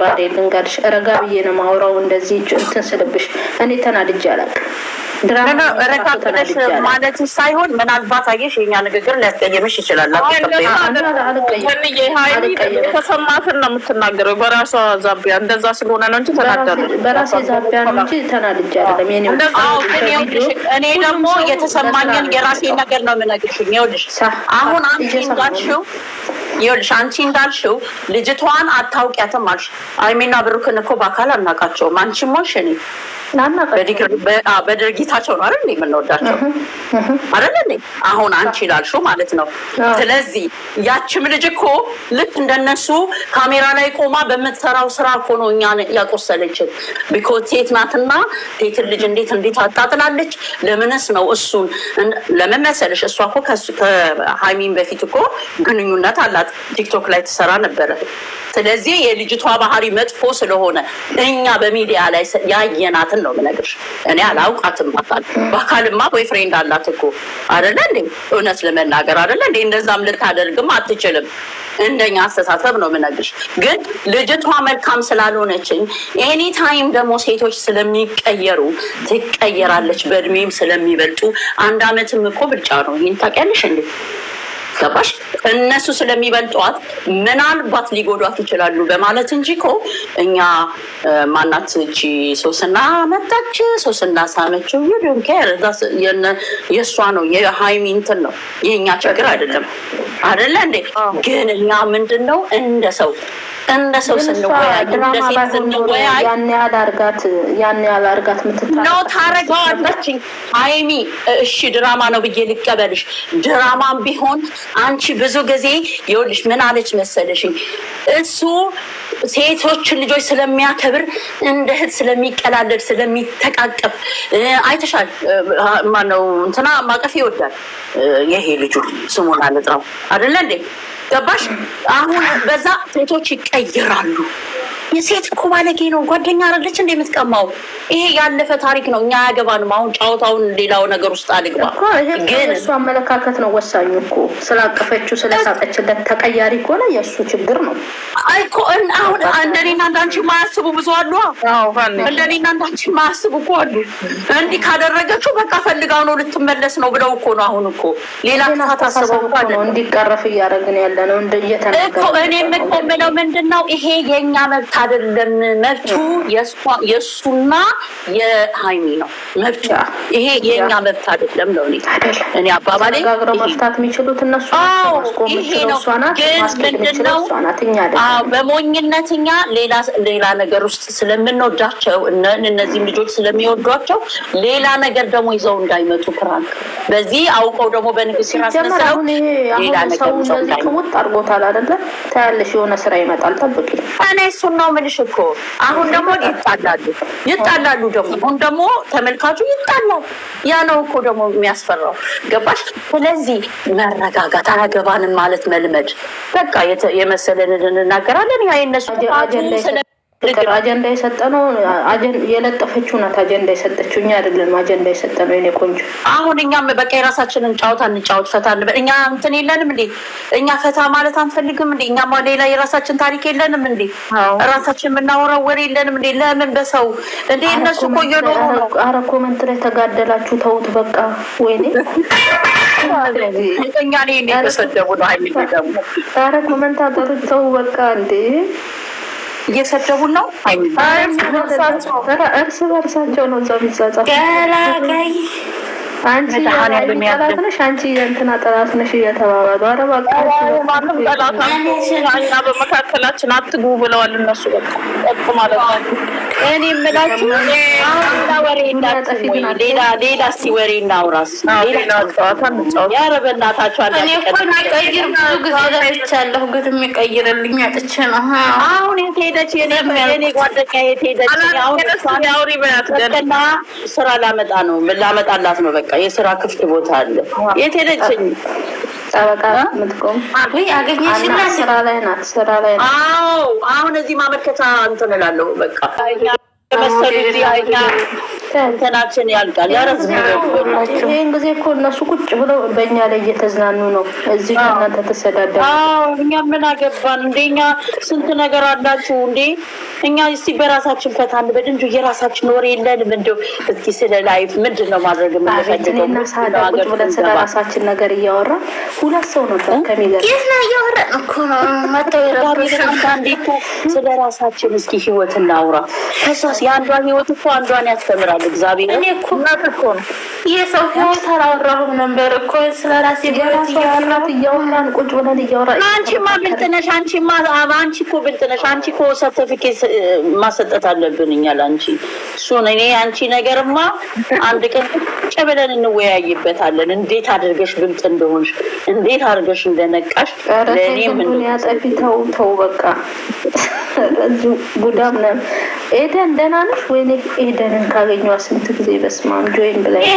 ባዴ ልንጋድሽ ረጋ ብዬ ነው ማውራው። እንደዚህ እንትን ስልብሽ እኔ ተናድጄ አላውቅም። ረካትነሽ ማለት ሳይሆን ምናልባት አየሽ የኛ ንግግር ሊያስቀየምሽ ይችላል። የተሰማትን ነው የምትናገረው። በራሷ ዛቢያ እንደዛ ስለሆነ ነው እንጂ ተናደሩ ዛቢያ ነው እንጂ ተናድጄ አይደለም። እኔ ደግሞ የተሰማኝን የራሴ ነገር ነው ይኸውልሽ አሁን አንቺ እንዳልሽው ይኸውልሽ አንቺ እንዳልሽው ልጅቷን አታውቂያትም አልሽ። አይሜና ብሩክን እኮ በአካል አናውቃቸውም። አንቺም ሆንሽ እኔ በድርጊታቸው ነው አይደል የምንወዳቸው አይደል እንዴ? አሁን አንቺ ላልሹ ማለት ነው። ስለዚህ ያችም ልጅ እኮ ልክ እንደነሱ ካሜራ ላይ ቆማ በምትሰራው ስራ እኮ ነው እኛ ያቆሰለችን። ቢኮዝ ሴት ናትና ሴትን ልጅ እንዴት እንዴት አታጥላለች። ለምንስ ነው እሱን ለምን መሰለሽ? እሷ እኮ ከሃይሚን በፊት እኮ ግንኙነት አላት። ቲክቶክ ላይ ትሰራ ነበረ ስለዚህ የልጅቷ ባህሪ መጥፎ ስለሆነ እኛ በሚዲያ ላይ ያየናትን ነው የምነግርሽ። እኔ አላውቃትም ባል በአካልማ ቦይ ፍሬንድ አላት እኮ አደለ እንዴ? እውነት ለመናገር አደለ እንዴ? እንደዛም ልታደርግም አትችልም። እንደኛ አስተሳሰብ ነው የምነግርሽ። ግን ልጅቷ መልካም ስላልሆነችኝ ኤኒ ታይም ደግሞ ሴቶች ስለሚቀየሩ ትቀየራለች፣ በእድሜም ስለሚበልጡ አንድ አመትም እኮ ብልጫ ነው። ይህን ታውቂያለሽ እንዴ? ገባሽ? እነሱ ስለሚበልጧት ምናልባት ሊጎዷት ይችላሉ በማለት እንጂ እኮ እኛ ማናት እቺ ሶስና መጣች፣ ሶስና ሳመችው ዩዶን የእሷ ነው የሀይሚ እንትን ነው የእኛ ችግር አይደለም። አደለ እንዴ? ግን እኛ ምንድን ነው እንደ ሰው እንደ ሰው ስንወያይ ያን ያህል አድርጋት ታረገዋለች። ሀይሚ እሺ ድራማ ነው ብዬ ልቀበልሽ። ድራማም ቢሆን አንቺ ብዙ ጊዜ ይኸውልሽ ምን አለች መሰለሽኝ እሱ ሴቶች ልጆች ስለሚያከብር እንደ እህት ስለሚቀላለድ ስለሚተቃቀፍ አይተሻል። ማነው እንትና ማቀፍ ይወዳል። ይሄ ልጁ ስሙን አልጠራው አደለ እንዴ ገባሽ? አሁን በዛ ሴቶች ይቀይራሉ። የሴት እኮ ባለጌ ነው። ጓደኛ አረለች እንደ የምትቀማው ይሄ ያለፈ ታሪክ ነው። እኛ አያገባንም። አሁን ጫወታውን ሌላው ነገር ውስጥ አልግባ። ግን እሱ አመለካከት ነው ወሳኙ እኮ ስላቀፈችው ስለሳቀችለት ተቀያሪ ከሆነ የእሱ ችግር ነው እኮ። አሁን እንደኔና እንዳንቺ ማያስቡ ብዙ አሉ። እንደኔና እንዳንቺ ማያስቡ እኮ አሉ። እንዲህ ካደረገችው በቃ ፈልጋው ነው ልትመለስ ነው ብለው እኮ ነው። አሁን እኮ ሌላ ታስበው ነው እንዲቀረፍ እያደረግን ያለ ነው እየተነገ እኔ የምለው ምንድን ነው ይሄ የእኛ መብት አይደለም መብቱ የእሱና የሀይሚ ነው መብቱ። ይሄ የእኛ መብት አይደለም ነው እኔ አባባሌ። መፍታት የሚችሉት እነሱ ምንድነው? በሞኝነት እኛ ሌላ ነገር ውስጥ ስለምንወዳቸው እነዚህም ልጆች ስለሚወዷቸው ሌላ ነገር ደግሞ ይዘው እንዳይመጡ ክራል በዚህ አውቀው ደግሞ በንግስ ስራስነስራው ሌላ ነገር ሰው አድርጎታል አይደለ? ታያለሽ የሆነ ስራ ይመጣል ጠብቂ። እኔ እሱን ነው ምልሽ እኮ አሁን ደግሞ ይጣላሉ ይጣላሉ ደግሞ አሁን ደግሞ ተመልካቹ ይጣላል። ያ ነው እኮ ደግሞ የሚያስፈራው ገባሽ? ስለዚህ መረጋጋት አያገባንም ማለት መልመድ በቃ የመሰለንን እንናገራለን ያ የነሱ ስለ አጀንዳ የሰጠ ነው የለጠፈችው ናት። አጀንዳ የሰጠችው እኛ አይደለም። አጀንዳ የሰጠ ነው የኔ ቆንጆ። አሁን እኛም በቃ የራሳችንን ጫወታ እንጫወት፣ ፈታ እንበል። እኛ እንትን የለንም እንዴ? እኛ ፈታ ማለት አንፈልግም እንዴ? እኛማ ሌላ የራሳችን ታሪክ የለንም እንዴ? ራሳችን የምናወራው ወሬ የለንም እንዴ? ለምን በሰው እንዴ? እነሱ እኮ እየኖሩ ነው። አረ ኮመንት ላይ ተጋደላችሁ፣ ተውት በቃ። ወይኔ እኛ እኔ የተሰደቡ ነው። አረ ኮመንት አጠሩት፣ ተው በቃ እንዴ እየሰደቡ ነው። እርስ በርሳቸው ነው እዛው የሚጻጻፍ ገላጋይ አንቺ ጠላትነሽ አንቺ የእንትና ጠላትነሽ እየተባባሉ ኧረ በቃ ጠላት በመካከላችን አትግቡ ብለዋል እነሱ በቃ ማለት ነው። እኔ የምላችሁ ወሬ ሌላ ሌላ እስኪ ወሬ በእናታችሁ አለ እኔ እኮ ብዙ ጊዜ ግን የሚቀይርልኝ አጥቼ ነው። አሁን የት ሄደች ጓደኛ? የት ሄደች? ስራ ላመጣ ነው ላመጣላት ነው። በቃ የስራ ክፍት ቦታ አለ። የት ሄደችኝ ጠበቃ ምትቆም አገኘሽና ስራ ላይ ናት። ስራ ላይ ናት። አሁን እዚህ ማመልከቻ እንትን እላለሁ በቃ እንትናችን ያልቃል ያረዝም። ጊዜ እኮ እነሱ ቁጭ ብለው በእኛ ላይ እየተዝናኑ ነው። እዚህ እናንተ ተሰዳደ እኛ ምን አገባን እንዴ? እኛ ስንት ነገር አላችሁ እንዴ? እኛ እስቲ በራሳችን ፈታን በድንዱ የራሳችን ወሬ የለንም። እንደው እስቲ ስለ ላይፍ ምንድን ነው ማድረግ የምንፈልገውና ብለን ስለ ራሳችን ነገር እያወራ ሁለት ሰው ነበር ከሚገር ስለ ራሳችን እስኪ ህይወት እናውራ። ከሷስ የአንዷን ህይወት እኮ አንዷን ያስተምራል። ይችላል። እግዚአብሔር እኔ እኮ የሰው ህይወት አላወራሁም ነበር እኮ ስለ ራሴ እያወራን ቁጭ ብለን እያወራ አንቺማ ብልጥ ነሽ፣ አንቺማ አንቺ እኮ ብልጥ ነሽ። አንቺ እኮ ሰርተፊኬት ማሰጠት አለብን እኛ ለአንቺ እሱን። እኔ አንቺ ነገርማ አንድ ቀን ቁጭ ብለን እንወያይበታለን። እንዴት አድርገሽ ብልጥ እንደሆንሽ፣ እንዴት አድርገሽ እንደነቃሽ ለእኔ ምን ያጠቢ ተው ተው በቃ ጉዳም ነ ኤደን ደህና ነሽ? ወይኔ ኤደንን ካገኘኋት ስንት ጊዜ በስማም ጆይን ብላይ